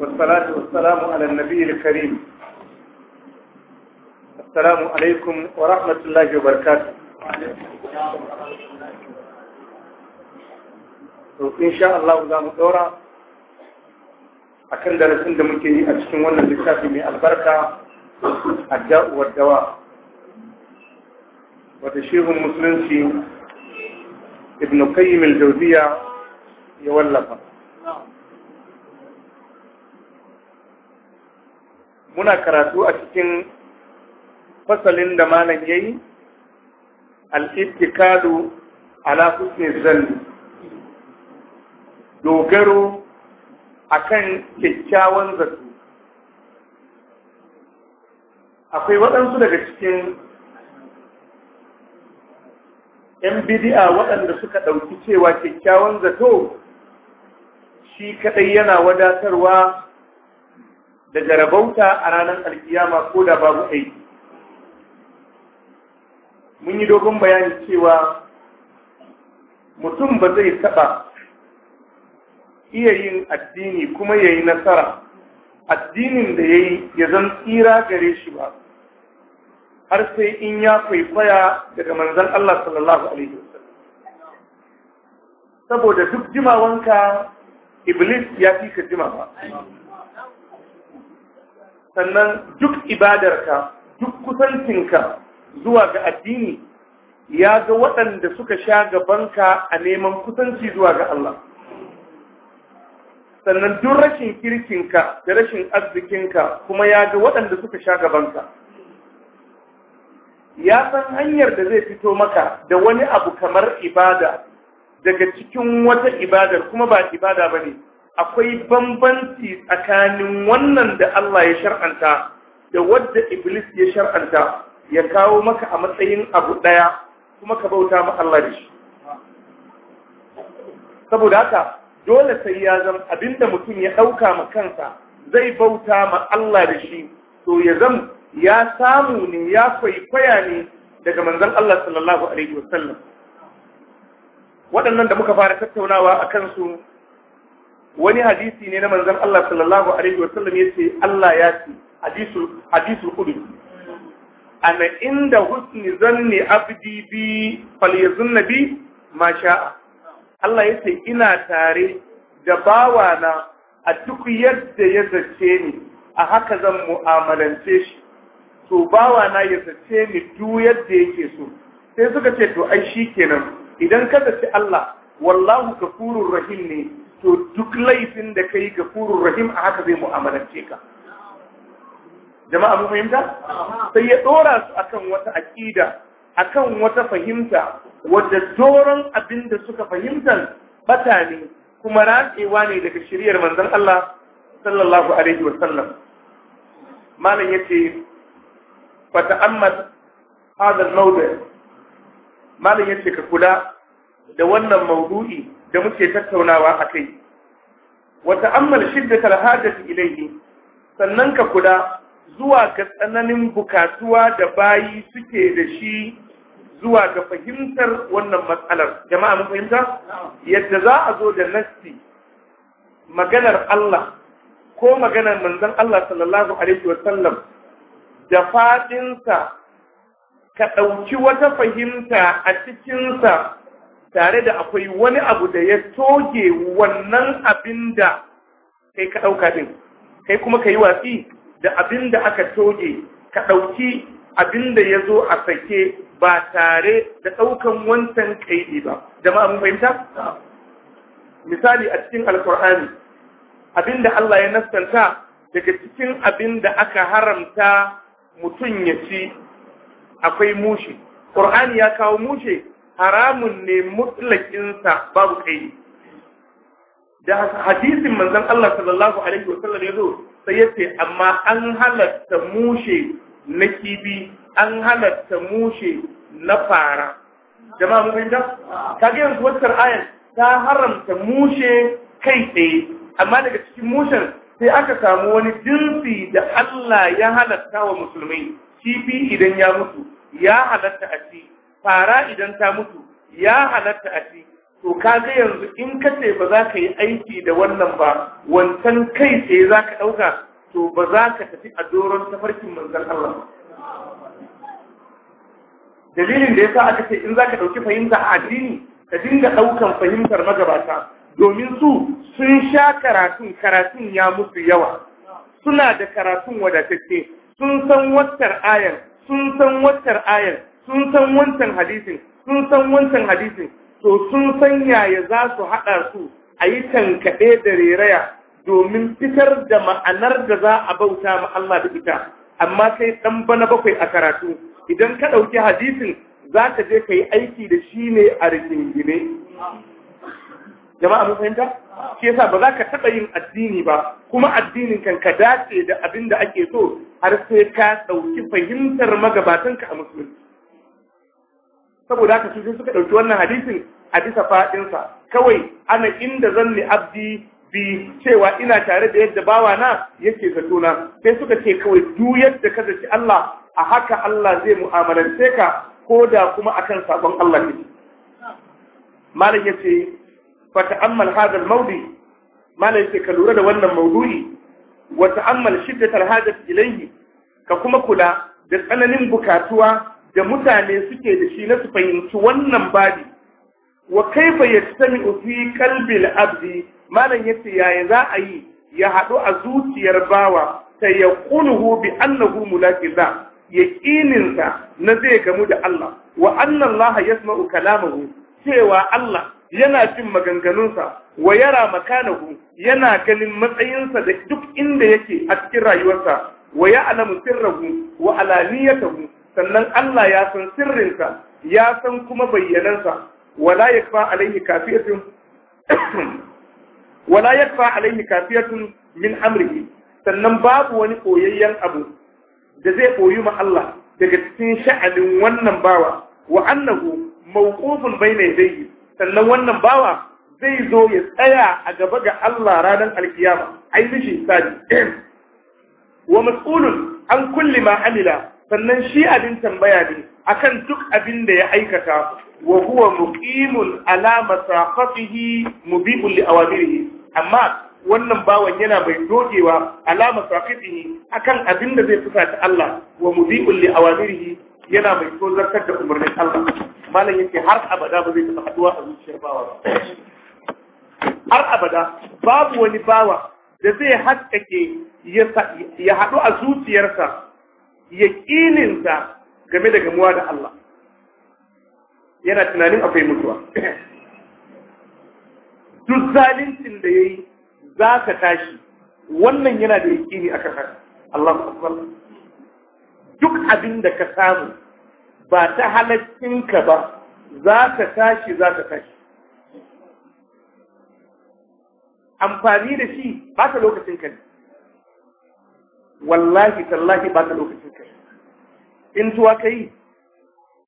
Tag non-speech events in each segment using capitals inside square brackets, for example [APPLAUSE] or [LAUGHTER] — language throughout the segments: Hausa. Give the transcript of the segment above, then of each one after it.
والصلاة والسلام على النبي الكريم السلام عليكم ورحمة الله وبركاته إن شاء الله za mu ɗora a darasin da muke yi a cikin wannan littafi mai albarka a da'uwar dawa wata shehun musulunci Ibnu Kayyimil al-jawziya ya wallafa muna karatu a cikin fasalin da malam yayi al-ittikadu ala husni zanni dogaro akan kyakkyawan zato akwai waɗansu daga cikin ‘yan bidi'a waɗanda suka ɗauki cewa kyakkyawan zato shi kaɗai yana wadatarwa da jarabauta a ranar alkiyama ko da babu aiki mun yi dogon bayani cewa mutum ba zai taɓa iya yin addini kuma ya yi nasara addinin da ya yi ya zan tsira gare shi ba har sai in ya kwaikwaya daga manzan Allah sallallahu Alaihi wasallam saboda duk jimawanka iblis ya fi ka jimawa sannan duk ibadarka duk kusancinka zuwa ga addini ya ga waɗanda suka sha gabanka a neman kusanci zuwa ga Allah sannan duk rashin kirkinka da rashin arzikinka kuma ya ga waɗanda suka sha gabanka ya san hanyar da zai fito maka da wani abu kamar ibada daga cikin wata ibadar kuma ba ibada ba ne akwai bambanci tsakanin wannan da Allah ya shar'anta da wadda Iblis ya shar'anta ya kawo maka a matsayin abu ɗaya kuma ka bauta ma Allah da shi. Saboda haka dole sai ya zama abinda mutum ya ɗauka ma kansa zai bauta ma Allah da shi to ya zan ya samu ne ya kwaikwaya ne daga manzan Allah sallallahu alaihi wasallam. Waɗannan da muka fara tattaunawa a kansu wani hadisi ne na manzon Allah sallallahu alaihi wasallam yace Allah ya ce hadisul hadisul qudsi ana inda husni zanni abdi bi falyazun bi ma sha'a Allah yace ina tare da bawana a duk yadda ya zace ni a haka zan mu'amalance shi to bawana ya zace ni du yadda yake so sai suka ce to ai shikenan idan ka zaci Allah wallahu kafurur rahim ne to duk laifin da kai ga furun rahim a haka zai mu'amalance ka jama'a mu fahimta sai ya dora su akan wata aqida akan wata fahimta wadda doron abin da suka fahimta bata ne kuma ratsewa ne daga shiriyar manzon Allah sallallahu alaihi wa sallam malam yace fata amma hadha al-mawdi malam yace ka kula da wannan maudu'i da muke tattaunawa a kai wata ammal shiddatal hajati ilayhi sannan ka kula zuwa ga tsananin bukatuwa da bayi suke da shi zuwa ga fahimtar wannan matsalar jama'a mun fahimta yadda za a zo da nasti maganar Allah ko maganar manzon Allah sallallahu alaihi wa sallam da fadinsa ka ɗauki wata fahimta a cikinsa tare da akwai wani abu da ya toge wannan abin da kai ka ɗauka ɗin kai kuma ka yi watsi da abin da aka toge ka ɗauki abin da ya zo a sake ba tare da ɗaukan wancan kaidi ba jama'a mun fahimta misali a cikin alkur'ani abin da Allah ya nastanta daga cikin abin da aka haramta mutum ya ci akwai mushi ƙur'ani ya kawo mushe haramun ne mutlakinsa babu kai da hadisin manzon Allah sallallahu alaihi wasallam ya zo sai ya ce amma an halatta mushe na kibi an halatta mushe na fara jama'a mun fahimta kage yanzu wannan ayat ta haramta mushe kai tsaye amma daga cikin mushen sai aka samu wani jinsi da Allah ya halatta wa musulmai kifi idan ya mutu ya halatta a ci fara idan ta mutu ya halatta a ci to ka ga yanzu in ka ce ba za ka yi aiki da wannan ba wancan kai tsaye za ka ɗauka to ba za ka tafi a doron tafarkin manzan Allah dalilin da ya sa aka ce in za ka ɗauki fahimta a addini ka dinga ɗaukan fahimtar magabata domin su sun sha karatun karatun ya musu yawa suna da karatun wadatacce sun san wattar ayar sun san wattar ayar sun san wancan hadisin sun san wancan hadisin to sun san yaya za su haɗa su a yi tankaɗe da reraya domin fitar da ma'anar da za a bauta ma Allah da ita amma sai ɗan bana bakwai a karatu idan ka ɗauki hadisin za ka je ka yi aiki da shi ne a rigingine jama'a mun fahimta shi yasa ba za ka taɓa yin addini ba kuma addinin kan ka dace da abin da ake so har sai ka ɗauki fahimtar magabatanka a musulunci saboda haka su suka ɗauki wannan hadisin a bisa faɗinsa kawai ana inda zan zanni abdi bi cewa ina tare da yadda bawa na yake zato na sai suka ce kawai duk yadda ka zaci Allah a haka Allah zai mu'amalance ka ko da kuma akan sabon Allah ne malam yace fa ta'ammal hadha al-mawdi malam yace ka lura da wannan maudu'i wa ta'ammal shiddatal hadath ilayhi ka kuma kula da tsananin bukatuwa da mutane suke da shi na su fahimci wannan babi wa kaifa sami fi qalbil abdi malam yace yaya za a yi ya haɗu a zuciyar bawa ta ya ƙunuhu bi annahu ya ƙininsa na zai gamu da Allah wa anna Allah yasma'u kalamahu cewa Allah yana jin maganganunsa wa yara makanahu yana ganin matsayinsa da duk inda yake a cikin rayuwarsa wa ya'lamu sirrahu wa alaniyatahu sannan Allah ya san sirrinsa ya san kuma bayyanansa wala yakfa alaihi kafiyatun [CLEARS THROAT] wala yakfa alaihi kafiyatun min amrihi sannan babu wani koyayyen abu da zai koyi ma Allah daga cikin sha'anin wannan bawa wa annahu mawqufun bayna yadayhi sannan wannan bawa zai zo ya tsaya a gaba ga Allah ranar alkiyama ai mishi sadi [CLEARS THROAT] wa mas'ulun an kulli ma amila sannan shi abin tambaya ne akan duk abin da ya aikata wa huwa muqimul ala masafatihi mubi'ul li awamirihi amma wannan bawan yana mai dogewa ala masafatihi akan abin da zai fusata ta Allah wa mubi'ul li awamirihi yana mai tozartar da umarnin Allah malam yake har abada ba zai taɓa haduwa a zuciyar bawa ba har abada babu wani bawa da zai haskake ya haɗu a zuciyarsa yaƙininta game da gamuwa da Allah yana tunanin akwai mutuwa duk zalincin da ya yi za ka tashi wannan yana da yaƙini akan Allah duk abin da ka samu ba ta halaccinka ba za ka tashi za ka tashi amfani da shi ba ta lokacin ka wallahi tallahi ba ka lokacin kai in tuwa ka yi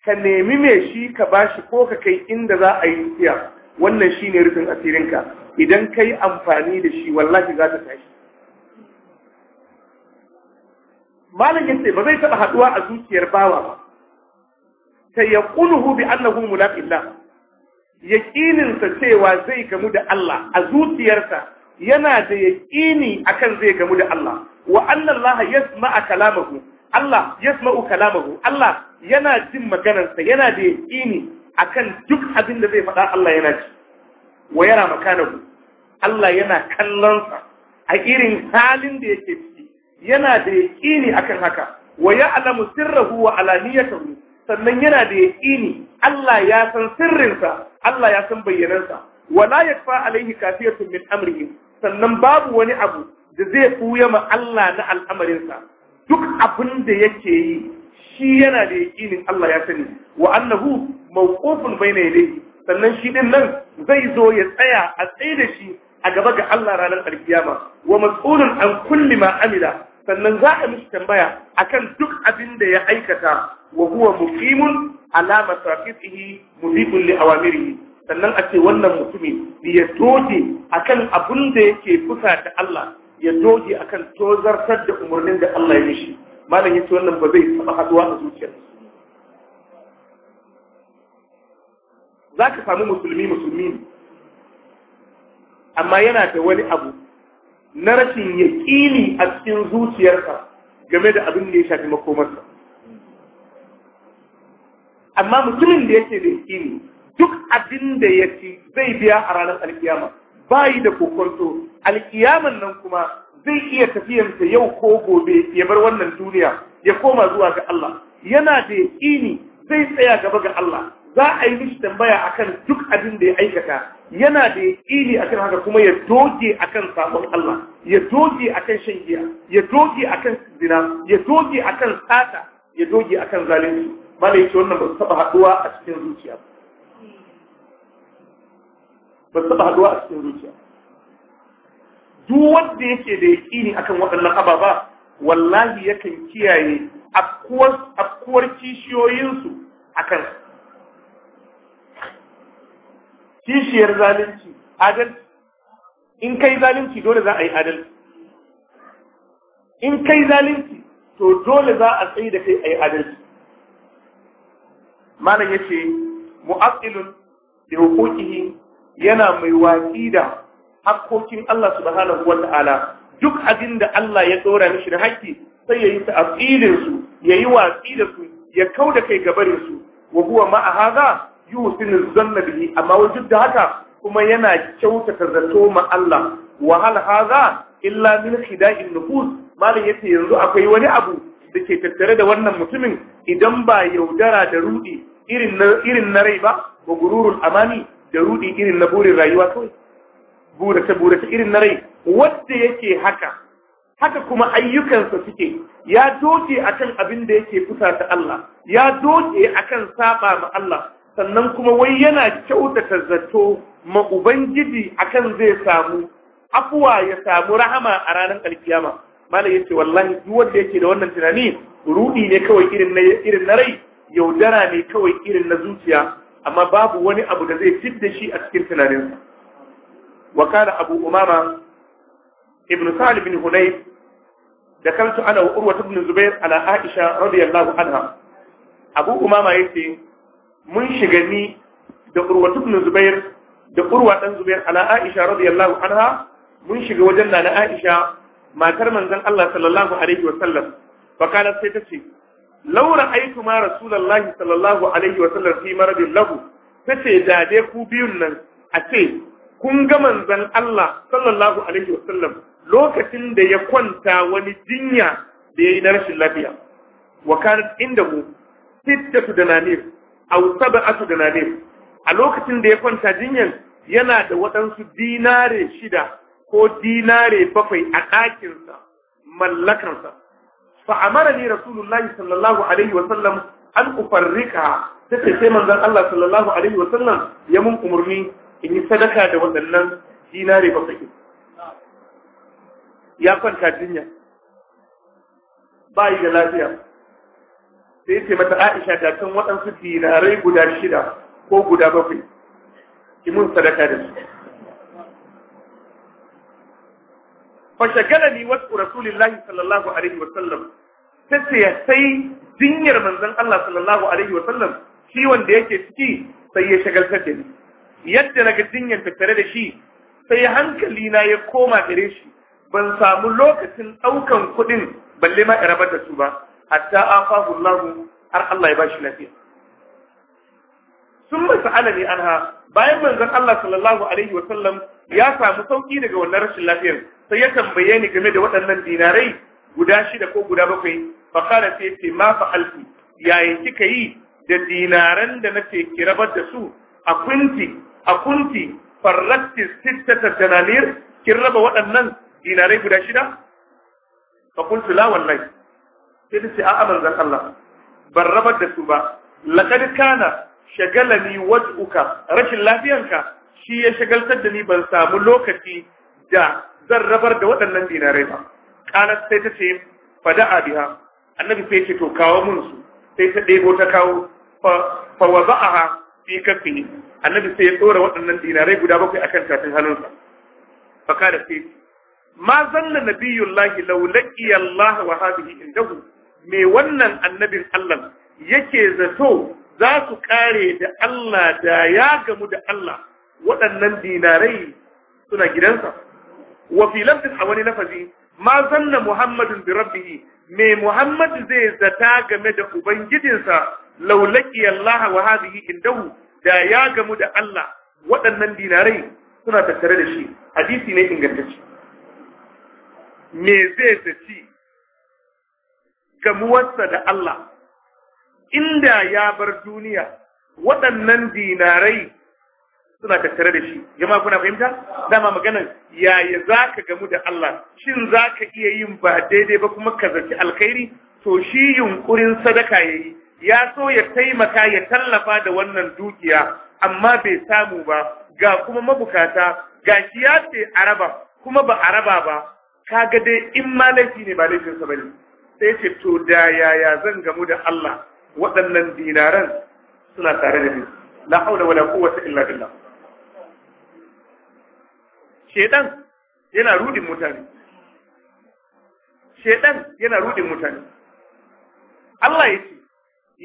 ka nemi mai shi ka bashi ko ka kai inda za a yi tsiya wannan shi ne rufin asirinka idan ka yi amfani da shi wallahi za ta tashi malam ya ba zai taɓa haɗuwa a zuciyar bawa ba ta ya ƙunuhu bi annahu mulaqillah yaƙininsa cewa zai gamu da Allah a zuciyarsa yana da yaƙini akan zai gamu da Allah wa anna Allah kalamahu Allah yasma'u kalamahu Allah yana jin maganarsa yana da yaqini akan duk abin da zai faɗa Allah yana ji wa yara makanahu Allah yana kallonsa a irin halin da yake ciki yana da yaqini akan haka wa ya'lamu sirrahu wa alaniyatahu sannan yana da yaqini Allah ya san sirrinsa Allah ya san bayyanansa wala yakfa alaihi kafiyatun min amrihi sannan babu wani abu da zai ɓuya ma Allah na al'amarinsa duk abin da yake yi shi yana da yaƙinin Allah ya sani wa annahu mawqufun bayna yadayhi sannan shi din nan zai zo ya tsaya a tsaye da shi a gaba ga Allah ranar alkiyama wa mas'ulun an kulli ma amila sannan za a mishi tambaya akan duk abin da ya aikata wa huwa muqimun ala masafisihi mudiqun li awamirihi sannan a ce wannan mutumin ya doge akan abin da yake kusa da Allah ya doge akan tozartar da umarnin da Allah ya mishi malam yace wannan ba zai taba haduwa a zuciyar zaka samu musulmi musulmi amma yana da wani abu na rashin yaƙini a cikin zuciyarsa game da abin da ya shafi makomarsa amma mutumin da yake da yaƙini duk abin da ya ci zai biya a ranar alkiyama bayi da kokonto alkiyaman nan kuma zai iya tafiyansa yau ko gobe ya bar wannan duniya ya koma zuwa ga Allah yana da yaƙini zai tsaya gaba ga Allah za a yi mishi tambaya akan duk abin da ya aikata yana da yaƙini akan haka kuma ya doge akan sabon Allah ya doge akan shan giya ya doge akan zina ya doge akan sata ya doge akan zalunci malai ce wannan ba su taba haɗuwa a cikin zuciya ba ba su taɓa haɗuwa a cikin zuciya duk wanda yake da yaƙini akan waɗannan ababa wallahi yakan kiyaye afkuwar kishiyoyinsu a kan kishiyar zalunci adalci in kai zalunci dole za a yi adalci in kai zalunci to dole za a tsaye da kai a yi adalci malam ya ce mu'afilun da hukukihi yana mai watsi da hakkokin Allah subhanahu wa ta'ala duk abin da Allah ya dora mishi na haƙƙi sai ya yi ta'atilin ya yi watsi da su ya kau da kai gabarinsu. su wa huwa ma a haza yusinu zanna bihi amma wajen da haka kuma yana kyautata zato ma Allah wa haza illa min khida'in nufus malam yace yanzu akwai wani abu da ke tattare da wannan mutumin idan ba yaudara da rudi irin na irin na rai ba wa gururul amani da rudi irin na burin rayuwa kawai burace burace irin na rai wanda yake haka haka kuma ayyukansa suke ya doke akan abin da yake fusata Allah ya doke akan saba ma Allah sannan kuma wai yana kyautata zato ma ubangiji akan zai samu afuwa ya samu rahama a ranar alkiyama malam yace wallahi duk wanda yake da wannan tunani rudi ne kawai irin na irin na rai yaudara ne kawai irin na zuciya amma babu wani abu da zai fidda shi a cikin tunaninsa wa kana abu umama ibn salih bin hunayf da kansu ana wa urwa ibn zubair ala aisha radiyallahu anha abu umama yace mun shiga ni da urwa ibn zubair da urwa dan zubair ala aisha radiyallahu anha mun shiga wajen nana aisha matar manzon Allah sallallahu alaihi wa sallam fa kana sai ta ce laura aitu ma rasulullahi sallallahu alaihi wa sallam fi maradin lahu tace da dai ku biyun nan a ce kun ga manzon Allah sallallahu alaihi wa sallam lokacin da ya kwanta wani jinya da ya yi na rashin lafiya wa kanat inda mu sittatu dananir aw sab'atu dananir a lokacin da ya kwanta jinyan yana da waɗansu dinare shida ko dinare bakwai a ɗakinsa mallakarsa فأمرني رسول الله صلى الله عليه وسلم أن أفرقها تتسي من ذن الله صلى الله عليه وسلم يمن أمرني إن صدقة دوزنن ديناري بطيء يا كنت الدنيا باي جلاتيا sai ce mata Aisha ta kan waɗansu dinarai guda shida ko guda bakwai ki mun sadaka da su. shagala ni wasu Rasulullahi sallallahu alaihi wa sallam ta ya sai jinyar manzon Allah sallallahu alaihi wa sallam ciwon da yake ciki sai ya shagaltar da ni yadda naga jinyar ta tare da shi sai hankali na ya koma gare shi ban samu lokacin ɗaukan kuɗin balle ma rabar da su ba hatta afahu Allah har Allah ya bashi lafiya sun masu alani anha bayan manzon Allah sallallahu alaihi wa sallam ya samu sauki daga wannan rashin lafiyar sai ya tambaye ni game da waɗannan dinarai guda shida ko guda bakwai fa qala sai ce ma fa alfi yaya kika yi da dinaran da nace ki rabar da su a kunti a kunti farratti sittata dananir kin raba waɗannan dinarai guda shida fa qultu la wallahi sai ce a'a manzon Allah ban rabar da su ba laqad kana shagalani waj'uka rashin lafiyanka shi ya shagaltar da ni ban samu lokaci da zan rabar da waɗannan dinarai ba qalat sai ta ce fada'a biha annabi sai ce to kawo mun su sai ta ɗebo ta kawo fa wa za'aha fi kafihi annabi sai ya tsora waɗannan dinarai guda bakwai akan tafin hannunsa fa da sai ma zanna nabiyullahi law laqiya Allah wa hadhihi indahu me wannan annabin Allah yake zato za su kare da Allah da ya gamu da Allah waɗannan dinarai suna gidansa wa fi a wani lafazi ma zanna muhammadin bi rabbihi me muhammad zai zata game da ubangijinsa laulaki Allah wa hadhihi indahu da ya gamu da Allah waɗannan dinarai suna tattare da shi hadisi ne ingantacce me zai zaci gamuwarsa da Allah inda ya bar duniya waɗannan dinarai suna tattare da shi jama kuna fahimta dama maganar yaya za ka gamu da Allah shin za ka iya yin ba daidai ba kuma ka zaci alkhairi to shi yunkurin sadaka ya yi ya so ya taimaka ya tallafa da wannan dukiya amma bai samu ba ga kuma mabukata ga shi ya ce araba kuma ba araba ba kaga dai in ma laifi ne ba laifinsa ba ne sai ce to da yaya zan gamu da Allah waɗannan dinaran suna tare da ni la haula wala quwwata illa billah shedan yana rudin mutane shedan yana rudin mutane Allah ya ce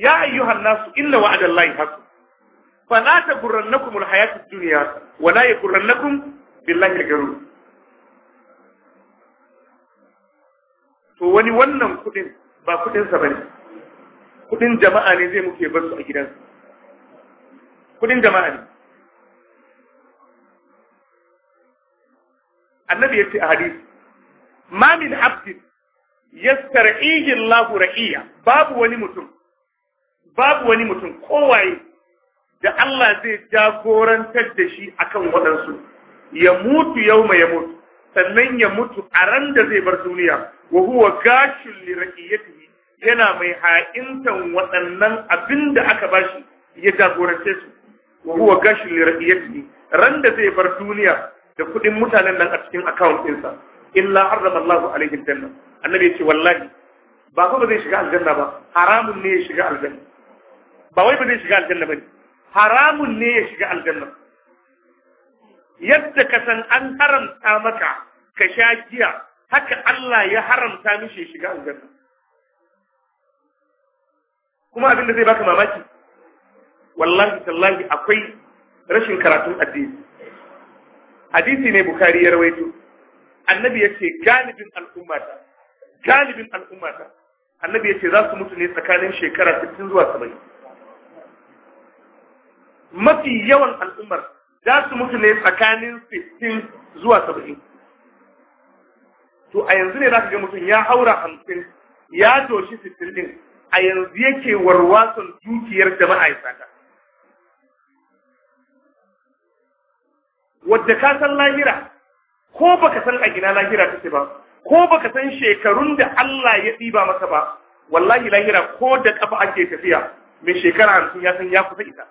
ya ayyuhan nasu inna wa'adallahi haqqun na taghurrannakum alhayatud duniya wa la yaghurrannakum billahi al-gharur to wani wannan kudin ba kudin sa bane kudin jama'a ne zai muke bar a gidansa kudin jama'a ne annabi yace a hadisi ma min abdin yastar'ihi Allah ra'iya babu wani mutum babu wani mutum kowaye da Allah zai jagorantar da shi akan waɗansu ya mutu yauma ya mutu sannan ya mutu a ran da zai bar duniya wa huwa gashul li raqiyatihi yana mai ha'intan waɗannan abinda aka bashi ya jagorance su wa huwa gashul li raqiyatihi ran da zai bar duniya da kuɗin mutanen nan a cikin account ɗinsa illa harrama Allah alaihi janna annabi yace wallahi ba ko ba zai shiga aljanna ba haramun ne ya shiga aljanna ba wai ba zai shiga aljanna bane haramun ne ya shiga aljanna yadda ka san an haramta maka ka sha giya haka Allah ya haramta mishi ya shiga aljanna kuma abin da zai baka mamaki wallahi tallahi akwai rashin karatun addini hadisi ne bukari ya rawaito annabi ya ce galibin al'ummata galibin al'ummata annabi ya ce za su mutu ne tsakanin shekara 60 zuwa 70 mafi yawan al'ummar za su mutu ne tsakanin 60 zuwa 70 to a yanzu ne za ka ga mutum ya haura 50 ya doshi 60 din a yanzu yake warwason dukiyar jama'a ya saka wadda ka san lahira ko baka san a gina lahira take ba ko baka san shekarun da Allah ya ɗiba maka ba wallahi lahira ko da kafa ake tafiya mai shekara hamsin ya san ya kusa ita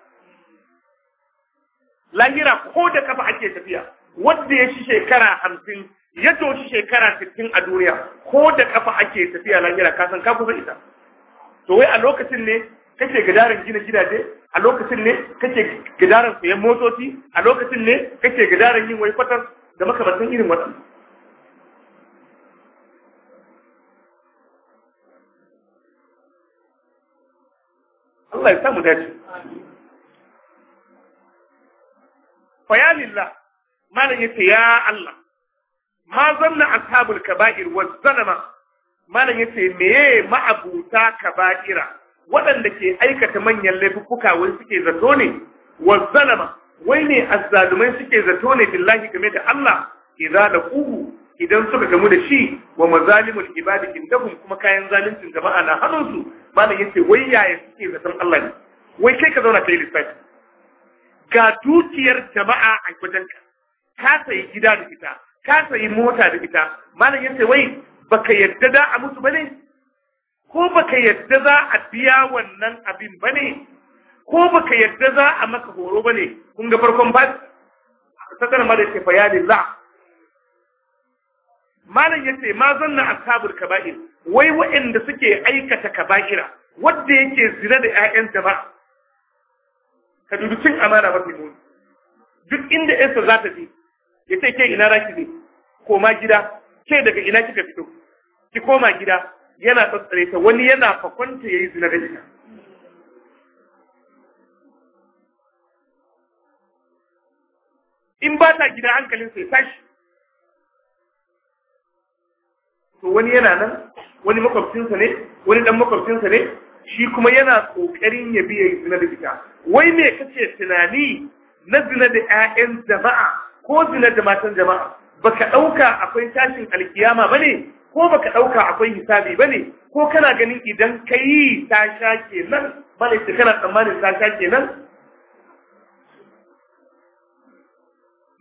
lahira ko da kafa ake tafiya wadda ya shi shekara hamsin ya toshi shekara sittin a duniya ko da kafa ake tafiya lahira ka san ka kusa ita to wai a lokacin ne kake gadarin gina gidaje a lokacin ne kake gidaran sayan motoci a lokacin ne kake gidaran yin waikwatar da makamantan irin wata Allah ya samu dace fayalillah malam yace ya Allah ma zanna ashabul kaba'ir wa zalama malam yace meye ma'abuta kaba'ira waɗanda ke aikata manyan laifuka wai suke zato ne wa zalama wai ne azzalumai suke zato ne billahi game da Allah idza kuhu idan suka gamu da shi wa mazalimul ibadi indahum kuma kayan zaluncin jama'a na hannunsu malam yace wai yaya suke zaton Allah ne wai kai ka zauna kai lissafi ga dukiyar jama'a a wajenka ka sayi gida da ita ka sayi mota da ita malam yace wai baka yadda da a musu bane ko baka yadda za a biya wannan abin ba ne ko baka yadda za a maka horo ba ne kun ga farkon ba sakar ma da ke ne la malam yace ma zanna ashabul kaba'ir wai waɗanda suke aikata kaba'ira wanda yake zina da yayan jama'a ka dubi cin amana ba mu duk inda yarsa za ta je ya ce ke ina raki ne koma gida ke daga ina kika fito ki koma gida yana tsatsare ta wani yana fakwanta yi zina da ita in ba ta gida hankalin sai tashi to wani yana nan wani makwabcinsa ne wani dan makwabcinsa ne shi kuma yana ƙoƙarin ya biya zina da ita wai me kace tunani na zina da 'ya'yan jama'a ko zina da matan jama'a baka ɗauka akwai tashin alkiyama ne? ko baka ɗauka akwai hisabi ba ne ko kana ganin idan kayi ta sha kenan malaita kana tsammanin ta sha kenan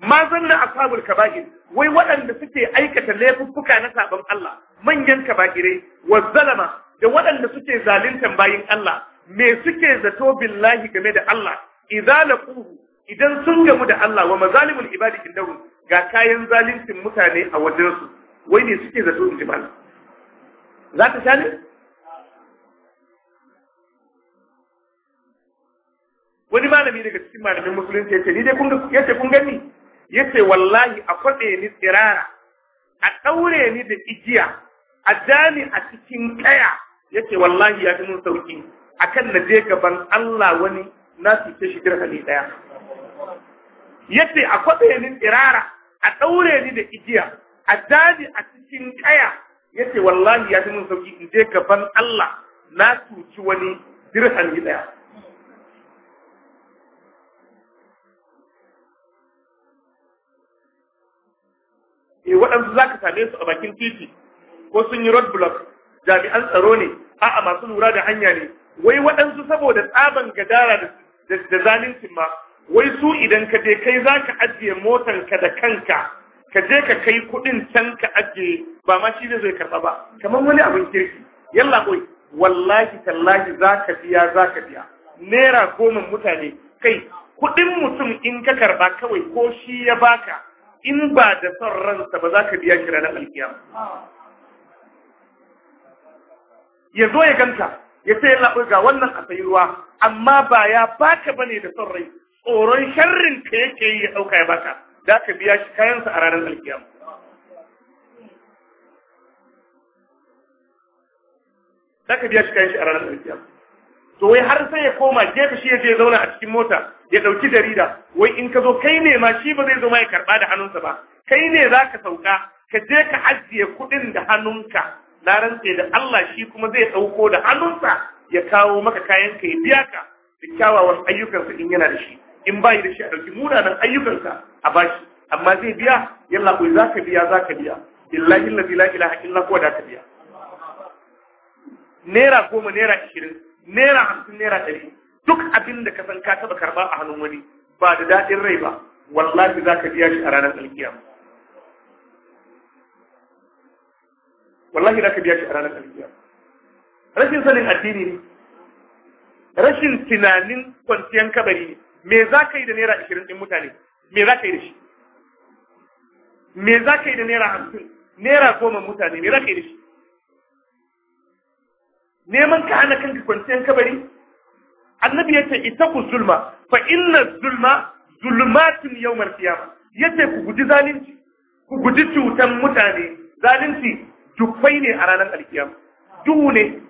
ma zanna kaba'ir wai waɗanda suke aikata laifuffuka na saban Allah manyan kaba'irai wa zalama da waɗanda suke zaluntar bayin Allah me suke zato billahi game da Allah idza laquhu idan sun gamu da Allah wa mazalimul ibadi indahu ga kayan zaluncin mutane a wajensu wai ne suke zato in za ta sha wani malami daga cikin malamin musulunci ce, ni dai kun yace kun gani yace wallahi a kwaɗe ni tsirara a ɗaure ni da igiya a jani a cikin kaya yace wallahi ya fi mun sauki kan na je gaban Allah wani na ce shi ne ɗaya yace a kwaɗe ni tsirara a ɗaure ni da igiya a a cikin kaya yace wallahi ya fi mun sauki in je gaban Allah na cuci wani dirhan daya E, eh, waɗansu za ka same su a bakin titi ko sun yi road block jami'an tsaro ne a'a masu lura da hanya ne wai waɗansu saboda tsaban gadara da zalincin ma wai su idan ka je kai za ka ajiye motanka da kanka ka je ka kai kuɗin can ka ajiye ba ma shi zai karɓa ba kamar wani abin kirki yalla koi wallahi tallahi za ka biya za ka biya naira goma mutane kai kuɗin mutum in ka karɓa kawai ko shi ya baka in ba da son ransa ba za ka biya shi ranar alkiyama ya zo ya ganta ya ce yalla ga wannan a ruwa amma ba ya baka ne da son rai tsoron sharrin ka yake yi ya ɗauka ya baka da ka biya shi kayansa a ranar alkiyama da ka biya shi kayan shi a ranar alkiyama to wai har sai ya koma ka shi ya je zauna a cikin mota ya ɗauki jarida wai in ka zo kai ne ma shi ba zai zo ma ya karɓa da hannunsa ba kai ne za ka sauka ka je ka ajiye kuɗin da hannunka na rantse da Allah shi kuma zai ɗauko da hannunsa ya kawo maka kayan ka ya biya ka da kyawawan ayyukansa in yana da shi in bayi da shi a ɗauki munanan ayyukansa a bashi amma zai biya yalla ko za ka biya za ka biya illahi la ilaha illa huwa da ka biya naira goma naira ashirin naira hamsin naira ɗari duk abin da ka san ka taɓa karɓa a hannun wani ba da daɗin rai ba wallahi za ka biya shi a ranar alkiyama wallahi za ka biya shi a ranar alkiyama rashin sanin addini ne rashin tunanin kwanciyar kabari ne me za ka yi da naira ashirin ɗin mutane me za ka yi da shi me za ka yi da naira hamsin naira goma mutane me za ka yi da shi neman ka hana kanka kwanciyar kabari annabi ya ce ita ku zulma fa inna zulma zulmatin yau kiyama ya ce ku guji zalunci ku guji cutan mutane zalunci dukwai ne a ranar alkiyama duhu ne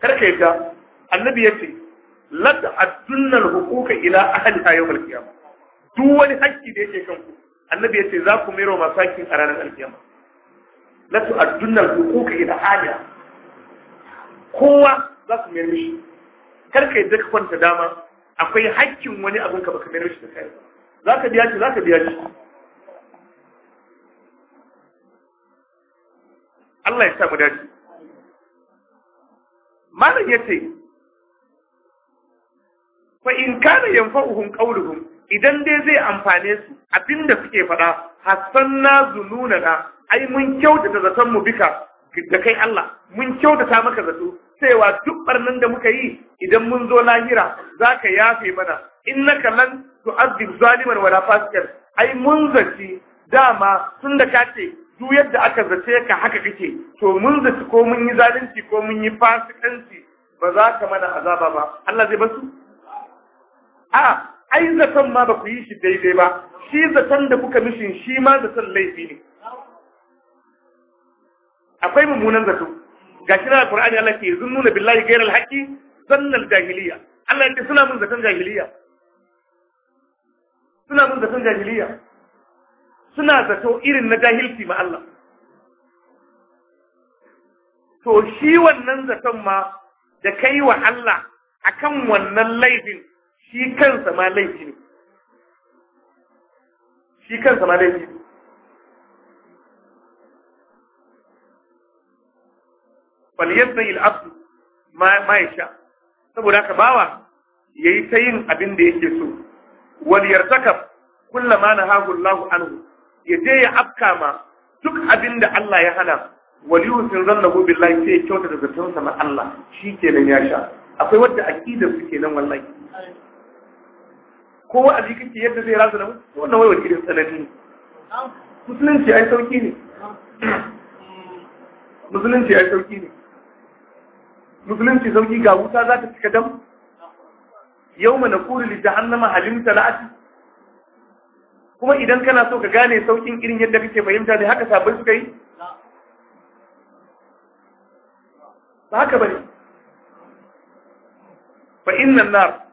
karka yadda annabi ya ce lada addunnal hukuka ila ahliha yawmal qiyamah duk wani hakki da yake kanku annabi yace za ku mero masu hakkin a ranar alkiyama Lata addunnal hukuka ila ahli kowa za ku mayar mishi kar ka yadda ka kwanta dama akwai hakkin wani abin ka baka mayar mishi da kai za ka biya shi za ka biya shi Allah ya sa mu dace malam yace fa in kana yanfa'uhum qawluhum idan dai zai amfane su abinda suke faɗa hasanna zununana ai mun kyautata zaton mu bika da kai Allah mun kyautata maka zato cewa duk barnan da muka yi idan mun zo lahira zaka yafe mana innaka lan tu'adhib zaliman wala fasikan ai mun zaci dama tun da ka ce duk yadda aka zace ka haka kake to mun zaci ko mun yi zalunci ko mun yi fasikanci ba za ka mana azaba ba Allah zai basu a ai zaton ma ba ku yi shi daidai ba shi zaton da kuka mishin shi ma zaton laifi ne akwai mummunan zato ga shi na Qur'ani Allah ke nuna billahi gairar alhaki zannar jahiliya Allah ya suna mun zaton jahiliya suna mun zaton jahiliya suna zato irin na jahilci ma Allah to shi wannan zaton ma da kai wa Allah akan wannan laifin shi kansa ma laifi ne shi kansa ma laifi ne al'abdu ma ma yasha saboda ka bawa yayi ta yin abin da yake so wal yartakab ma nahahu Allahu anhu yaje ya afka ma duk abin da Allah ya hana waliyun sun zanna gobe lai sai ya kyauta da zaton na Allah shi kenan ya sha akwai wadda aqidar su kenan wallahi ko wa'azi kake yadda zai rasa da mu wannan wai wakilin tsanani ne musulunci ai sauki ne musulunci ai sauki ne musulunci sauki ga wuta za ta cika dam yawma naqulu li jahannama halim talati kuma idan kana so ka gane saukin irin yadda kake fahimta ne haka sabai suka yi ba haka bane fa inna nar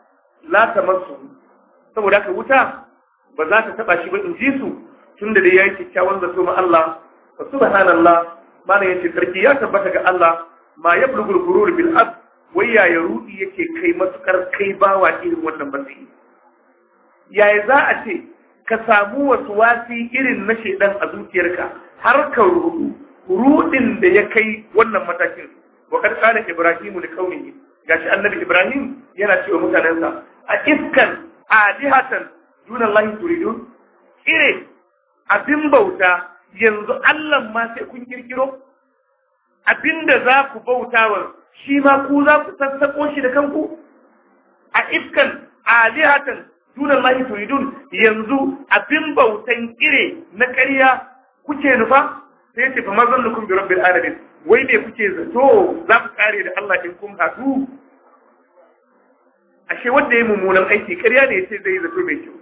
la tamassu saboda haka wuta ba za ta taba shi ba in ji su tun da ya yi kyakkyawan zato ma Allah fa subhanallah mana yace sarki ya tabbata ga Allah ma yablugul gurur bil ab wayya ya rudi yake kai matukar kai bawa irin wannan matsayi yaya za a ce ka samu wasu wasi irin na shedan a zuciyarka har ka rudu rudin da ya kai wannan matakin wa kad qala ibrahimu li qaumihi gashi annabi ibrahim yana cewa mutanensa a iskan alihatan duna Allah turidun kire abin bauta yanzu Allah ma sai kun kirkiro abinda za ku bautawa shi ma ku za ku sassako shi da kanku a ifkan alihatan duna Allah turidun yanzu abin bautan kire na ƙarya kuke nufa sai ce fa mazan bi rabbil alamin wai me kuke zato za ku kare da Allah in kun haɗu ashe wanda ya yi mummunan aiki ƙarya ne sai zai zato mai kyau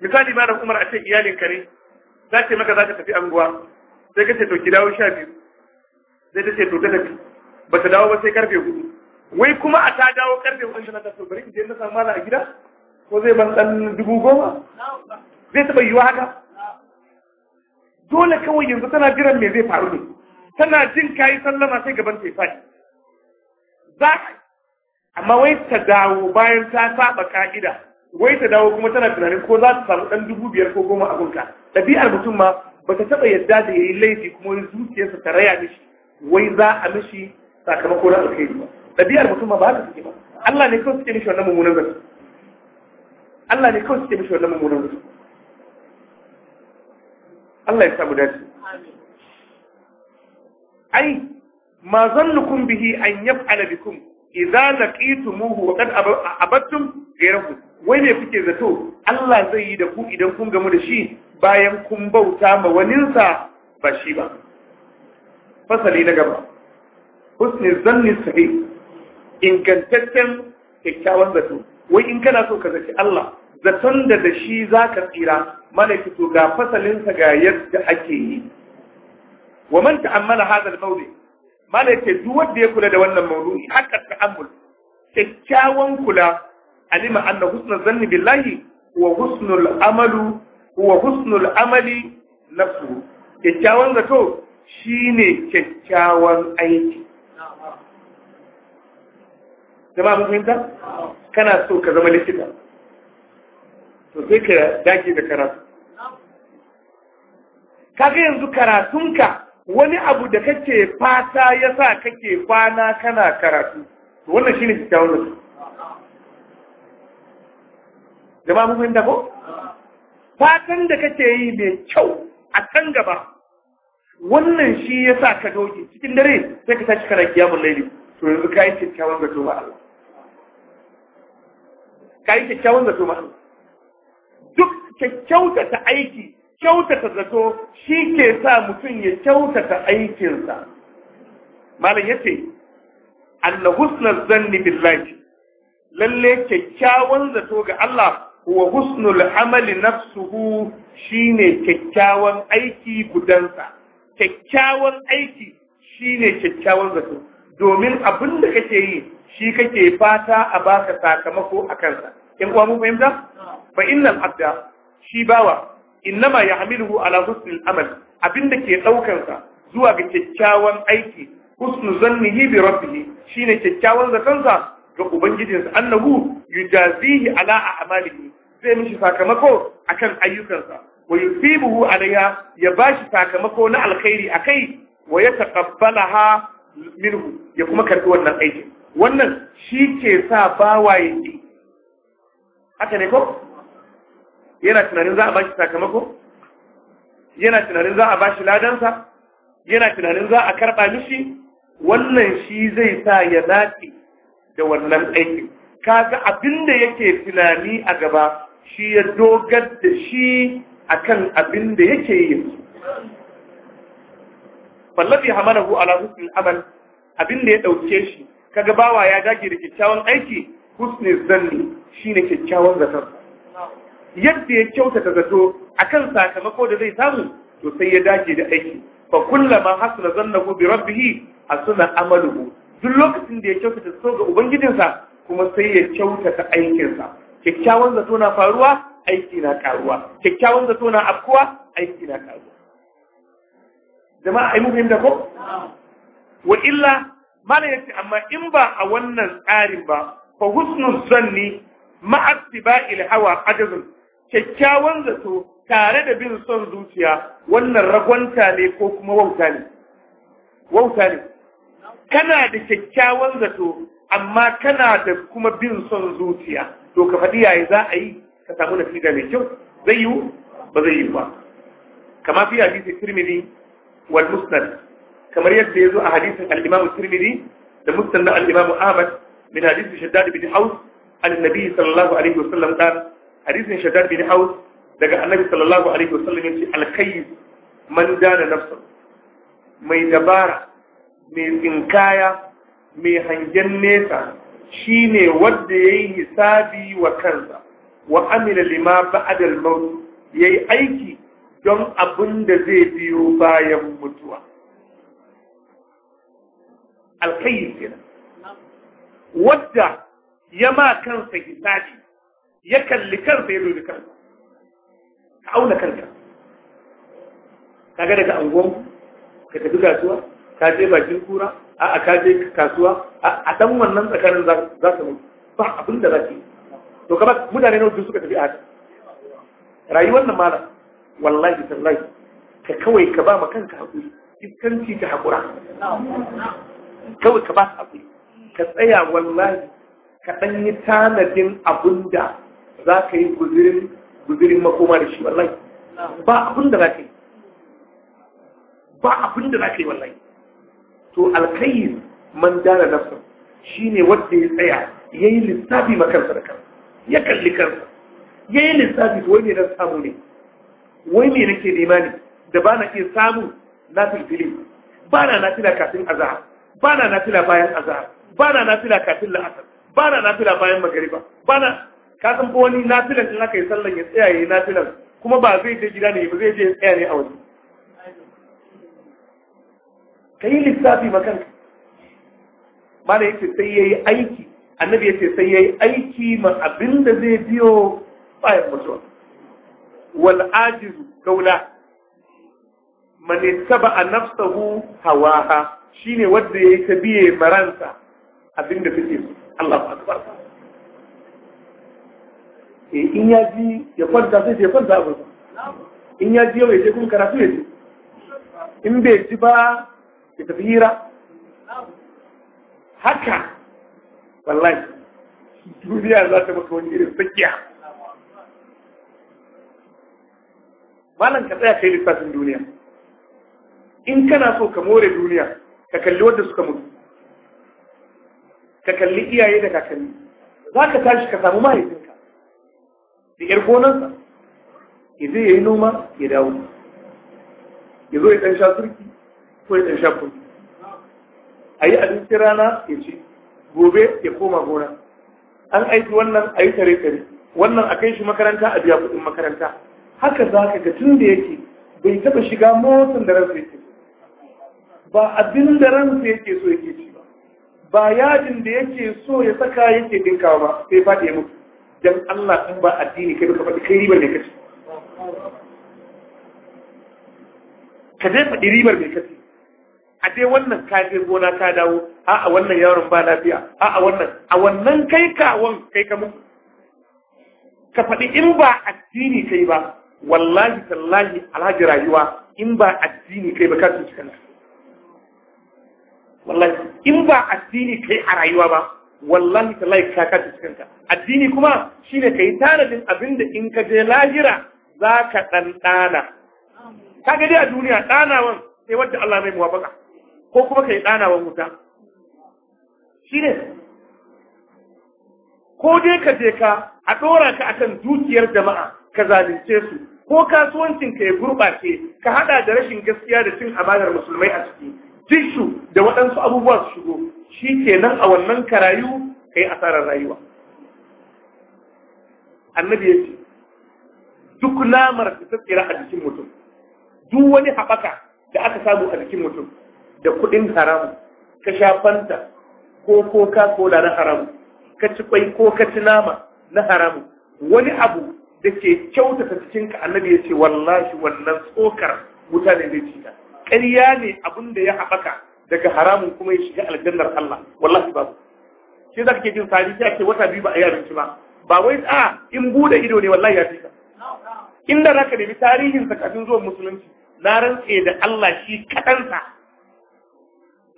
misali ma da umar a ce iyalin ka ne za ce maka za ka tafi anguwa sai ka ce to ki dawo sha biyu sai ta ce to ta tafi ba ta dawo ba sai karfe hudu wai kuma a ta dawo karfe hudu tana ta bari in je na samu mala a gida ko zai ban dan dubu goma zai taɓa yiwa haka dole kawai yanzu tana jiran me zai faru ne tana jin kayi sallama sai gaban ta ya fadi. za amma wai ta dawo bayan ta saba ka'ida wai ta dawo kuma tana tunanin ko za ta samu ɗan dubu biyar ko goma a gunka ɗabi'ar mutum ma ba ta taɓa yadda da yayi laifi kuma wani zuciyarsa ta raya mishi wai za a mishi sakamako na alkhairi ba ɗabi'ar mutum ma ba haka suke ba Allah ne kawai suke mishi wannan mummunan zato Allah ne kawai suke mishi wannan mummunan zato Allah ya mu dace ai ma zannukum bihi an yaf'ala bikum idza laqitumuhu wa qad abattum ghayrahu wai ne kuke zato Allah zai yi da ku idan kun gamu da shi bayan kun bauta ma waninsa ba shi ba fasali na gaba husni zanni sahih ingantaccen kyakkyawan zato wai in kana so ka zaci Allah zaton da da shi zaka tsira mana fito ga fasalinsa ga yadda ake yi wa man ta'ammala hadha al-mawdi' malai ce duk wanda ya kula da wannan maudu'i haka ta'ammul kyakkyawan kula alima anna husnul zanni billahi huwa husnul amalu huwa husnul amali nafsuhu kyakkyawan zato shine kyakkyawan aiki jama'a mun fahimta kana so ka zama likita to sai ka dage da karatu ga yanzu karatunka wani abu da kake fata ya sa kake kwana kana karatu wannan shi ne kyakkyawan zato ba mu fahimta ko fatan da kake yi mai kyau a kan gaba wannan shi ya sa ka doke cikin dare sai ka tashi kana kiyamun laili to yanzu ka yi kyakkyawan zato ba Allah ka yi kyakkyawan zato ba Allah duk kyakkyauta ta aiki kyautata zato shi ke sa mutum ya kyautata aikinsa malam yace ce, husnul zanni billahi lalle kyakkyawan zato ga Allah wa husnul amali nafsuhu ne kyakkyawan aiki gudansa kyakkyawan aiki shi ne kyakkyawan zato domin abin da kake yi shi kake fata a baka sakamako a kansa ‘Yan kuwa mun fahimta fa nan, abda shi bawa innama yahmiluhu ala husnil amal abinda ke daukar sa zuwa ga kyakkyawan aiki husnu zannihi bi rabbih shine kyakkyawan zakansa ga ubangijinsa annahu yujazihi ala a'malihi zai mishi sakamako akan ayyukansa wa yusibuhu alayha ya bashi sakamako na alkhairi akai wa yataqabbalaha minhu ya kuma karbi wannan aiki? wannan shi ke sa bawaye haka ne ko yana tunanin za a bashi sakamako yana tunanin za a bashi ladansa yana tunanin za a karɓa mishi wannan shi zai sa ya zaɓi da wannan aikin kaga abin da yake tunani a gaba shi ya dogar da shi akan abin da yake yi fallafi hamalahu ala husnul amal abin da ya ɗauke shi kaga bawa ya dage da kyakkyawan aiki husnul zanni ne kyakkyawan zatar yadda ya kyautata zato kan sakamako da zai samu to sai ya dace da aiki fa kullama hasuna zannahu bi rabbihi hasuna amaluhu duk lokacin da ya kyautata so ga ubangijinsa kuma sai ya kyautata aikinsa kyakkyawan zato na faruwa aiki na karuwa kyakkyawan zato na afkuwa aiki na karuwa jama'a ai muhim da ko wa illa mala yace amma in ba a wannan tsarin ba fa husnul zanni ma'a tiba'il hawa ajazun kyakkyawan zato tare da bin son zuciya wannan ragwanta ne ko kuma wauta ne wauta ne kana da kyakkyawan zato amma kana da kuma bin son zuciya to ka faɗi yaya za a yi ka samu natija mai kyau zai yiwu ba zai yiwu ba kama fi hadisi tirmidhi wal musnad kamar yadda ya zo a hadisin al-imam tirmidhi da musnad al-imam ahmad min hadisi shaddad bin aus an nabi sallallahu alaihi wasallam qala hadisin shaddad bin aus daga annabi sallallahu alaihi wasallam yace alkayy man dana nafsa mai dabara mai tsinkaya mai hangen nesa shine wanda yayi hisabi wa kansa wa amila lima ba'da al-maut yayi aiki don abin da zai biyo bayan mutuwa alkayy kenan wadda ya ma kansa hisabi ya kalli kansa ya dubi kansa ka auna kanka Ka ga daga anguwan ka tafi kasuwa ka je bakin kura a a ka je kasuwa a dan wannan tsakanin za ka mutu ba abin da za ki to kamar mutane na suka tafi a rayuwar nan malam wallahi tallahi ka kawai ka ba ma kanka hakuri iskanci ta hakura kawai ka ba hakuri ka tsaya wallahi ka ɗan yi tanadin abin da za ka yi guzirin makoma da shi wallahi ba abin da za ka yi ba abin da za ka yi wallahi to alkayin man dana nafsa ne wadda ya tsaya ya yi lissafi ma kansa da kansa ya kalli kansa ya yi lissafi wai ne na samu ne wai ne nake nema ne da ba na iya samu na filfili ba na na fila kafin azahar ba na na fila bayan azahar ba na na fila kafin la'asar ba na na fila bayan magariba ba na ka san fa wani nafilan in aka yi sallan ya tsaya yayi nafilan kuma ba zai je gida ne ba zai je tsaya ne a waje ka yi lissafi ma kanka mana yace sai yayi aiki annabi yace sai yayi aiki ma abin da zai biyo bayan mutuwa wal ajizu kaula man ittaba nafsahu hawaha shine wanda yake biye maransa abin da take Allahu akbar Eh, in ya ji ya kwanta sai ya kwanta abin in ya ji yau ya je kuma karatu ya ji in bai ji ba ya tafi hira haka wallahi duniya za ta maka wani irin tsakiya malam ka tsaya kai lissafin duniya in kana so ka more duniya ka kalli wadda suka mutu ka kalli iyaye da kakanni za ka tashi ka samu mahaifin da ƴar gonansa, ya zai yi noma ya dawo, ya zo ya ɗan sha turki ko ya ɗan sha kudi A yi abincin rana ya ce, gobe ya koma gona. An aiki wannan a yi tare-tare, wannan a kai shi makaranta a biya kuɗin makaranta. Haka za ka ga tun da yake bai taɓa shiga motsin da ransa yake ba abin da ransa yake so yake ci ba ba yajin da yake so ya saka yake dinkawa ba sai faɗi ya mutu dan Allah in ba addini kai baka faɗi kai ribar mai kace ka dai faɗi ribar mai kace a dai wannan ka je gona ka dawo a a wannan yaron ba lafiya a a wannan a wannan kai kawon kai ka muku ka faɗi in ba addini kai ba wallahi tallahi alhaji rayuwa in ba addini kai ba ka tuci wallahi in ba addini kai a rayuwa ba wallahi ta laika ka cikin cikinka addini kuma shine kai tanadin abin da in ka je lahira za ka ɗanɗana ka ga dai a duniya ɗanawan sai wanda Allah mai muwafaka ko kuma kai ɗanawan wuta shine ko dai ka je ka a ɗora ka akan dukiyar jama'a ka zalunce su ko kasuwancin ka ya gurɓace ka haɗa da rashin gaskiya da cin amanar musulmai a ciki tishu da waɗansu abubuwa su shigo shi kenan a wannan ka rayu ka yi asarar rayuwa annabi ya ce duk namar da ta tsira a jikin mutum duk wani haɓaka da aka samu a jikin mutum da kuɗin haramu ka sha fanta ko koka kola na haramu ka ci kwai ko ka ci nama na haramu wani abu da ke kyautata cikinka annabi ya ce wallahi wannan tsokar mutane zai ci ta ƙarya ne abin da ya haɓaka daga haramun kuma ya shiga aljannar Allah wallahi ba shi za ka ke jin sari ya ke wata biyu ba a yi abinci ba ba wai a in bude ido ne wallahi ya fi ka inda za ka nemi tarihin sa kafin zuwan musulunci na rantse da Allah shi kaɗansa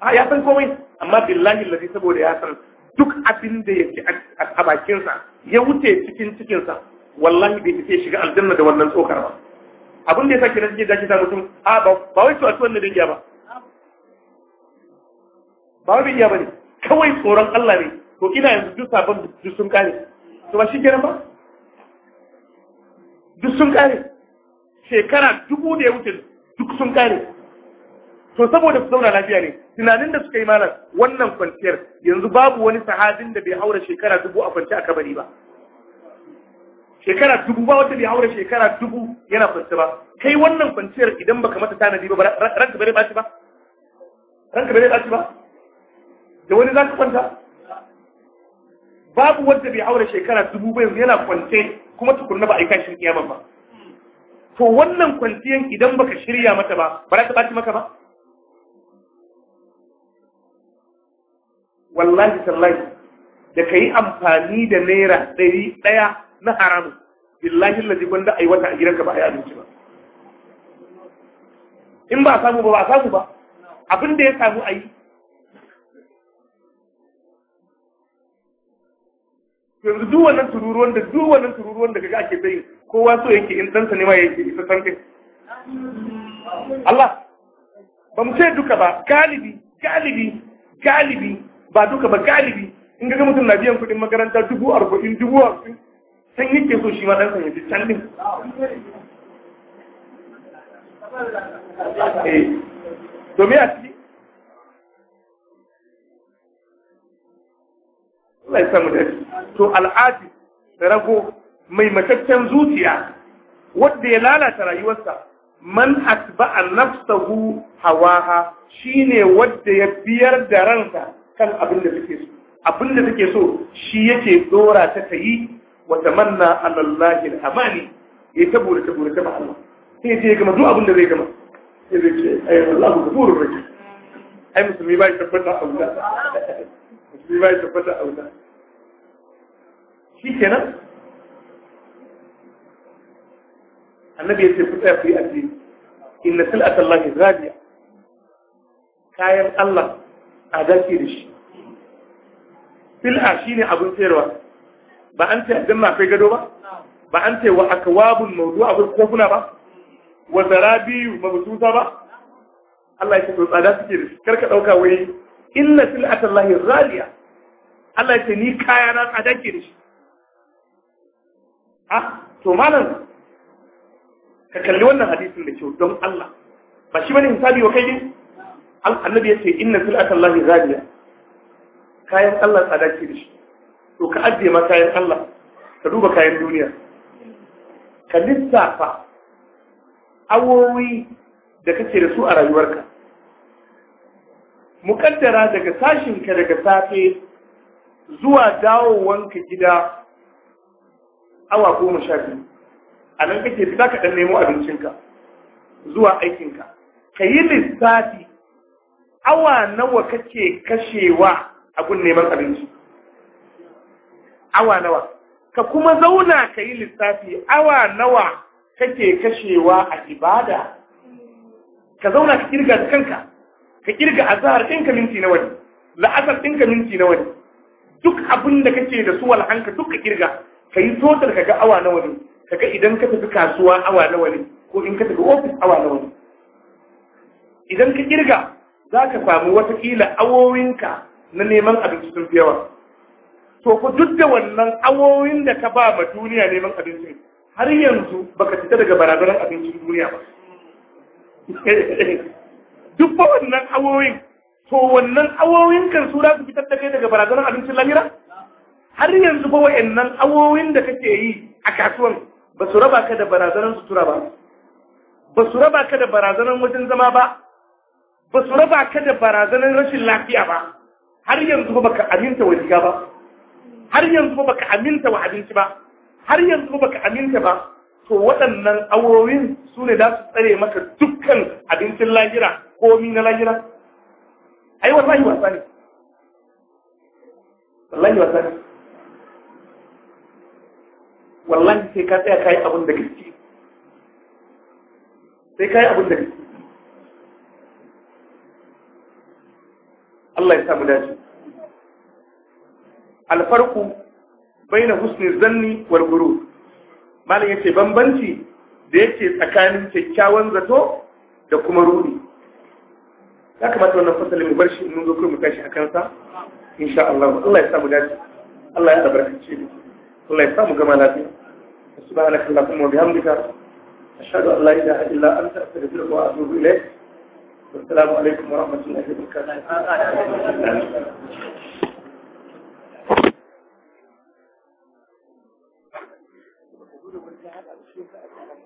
a ya san komai amma billahi lafi saboda ya san duk abin da yake a bakinsa ya wuce cikin cikinsa wallahi bai fice shiga aljanna da wannan tsokar ba abin da ya sake na cikin zaki ta mutum a ba wai a tuwon da dangiya ba ba wai iya bane kawai tsoron Allah ne to ina yanzu duk sabon duk sun kare to ba shi kenan ba duk sun kare shekara dubu da ya wuce duk sun kare to saboda su zauna lafiya ne tunanin da suka yi malam wannan kwanciyar yanzu babu wani sahabin da bai haura shekara dubu a kwance a kabari ba shekara dubu ba wata bai haura shekara dubu yana kwance ba kai wannan kwanciyar idan baka mata tanadi ba ranka bai ba ranka bai ba ba da wani za ka kwanta babu wanda bai aure shekara dubu bai yana kwance kuma tukunna ba a yi kashin kiyaman ba to wannan kwanciyan idan baka shirya mata ba ba za ta ɓaci maka ba wallahi sallahi, da ka yi amfani da naira ɗari ɗaya na haramun billahi lalazi gwanda a yi wata a gidanka ba a yi abinci ba in ba a samu ba ba a samu ba abin da ya samu a yi yanzu duk wannan tururuwan da duk wannan tururuwan da kaga ake bayin kowa so yake in dansa ne ma yake isa sanke Allah ba mu sai duka ba galibi galibi galibi ba duka ba galibi in ga mutum na biyan kuɗin makaranta dubu arba'in dubu hamsin san yake so shi ma dan san yake can din eh, to me a ciki Allah ya samu dace to da rago mai mataccen zuciya wanda ya lalata rayuwarsa man an nafsahu hawaha shine wanda ya biyar da ranka kan abin da take so abin da take so shi yake dora ta tayi wa tamanna ala Allah al-amani ya tabura tabura ta Allah sai ya gama duk abin da zai gama sai ya ce ayyallahu ghafurur rahim ai musulmi ba ya tabbata a musulmi ba ya tabbata a wuta shi kenan annabi ya ce ku tsaya ku yi addini inna sil'at Allah radiya kayan Allah a dace da shi sil'a shine abun sayarwa ba an ce aljanna akwai gado ba ba an ce wa akwabun mawdu'a akwai kofuna ba wa zarabiyu mabsusa ba Allah ya ce to tsada suke da shi karka dauka wai inna sil'atan lahi ghaliya Allah ce ni kaya na tsada ke da shi ah to malam ka kalli wannan hadisin da kyau don Allah ba shi bane hisabi wa kai ne annabi yace inna lahi ghaliya kayan Allah tsada ke da shi to ka ajiye ma kayan Allah ka duba kayan duniya ka lissafa awowi da kake da su a rayuwarka muƙaddara daga sashinka daga safe zuwa dawowanka gida awa goma sha biyu a nan kake fita ka ɗan nemo abincinka zuwa aikinka ka yi lissafi awa nawa kake kashewa a gun neman abinci awa nawa ka kuma zauna ka yi lissafi awa nawa kake kashewa a ibada ka zauna ka kirga da kanka ka kirga azhar ɗinka minti nawa ne la'asar ɗinka minti nawa ne duk abin da kake da su walhanka duk ka kirga ka yi total ka ga awa nawa ne ka ga idan ka tafi kasuwa awa nawa ne ko in ka tafi ofis awa nawa ne idan ka kirga za ka samu watakila awowinka na neman abinci sun fi yawa to ku duk da wannan awowin da ka ba ma duniya neman abinci har yanzu baka fita daga barazanar abincin duniya ba [LAUGHS] duk ba wannan awowin to wannan awowin kan su za su fitar da kai daga barazanar abincin lamira har yanzu ba wa'annan awowin da kake yi a kasuwan ba su raba ka da barazanar sutura ba ba su raba ka da barazanar wajen zama ba ba su raba ka da barazanar rashin lafiya ba har yanzu ba ka aminta wa riga ba har yanzu ba ka aminta wa abinci ba har yanzu ba ka aminta ba to waɗannan awowin su ne za su tsare maka dukkan abincin lahira komi na lajira ai wallahi wasa ne wallahi wasa ne wallahi sai ka tsaya kai abin da gaske sai kai abin da gaske Allah ya samu dace alfarku baina husnul zanni wal ghurur malam yace bambanci da yake tsakanin kyakkyawan zato da kuma rudi ya kamata wannan fasalin mu bar shi in zo kai mu tashi a kansa insha Allah Allah ya samu dace Allah ya albarkace mu Allah ya samu gama lafiya subhanaka allahumma wa bihamdika ashhadu an la ilaha illa anta astaghfiruka wa atubu ilayk assalamu alaikum wa rahmatullahi wa barakatuh Thank you.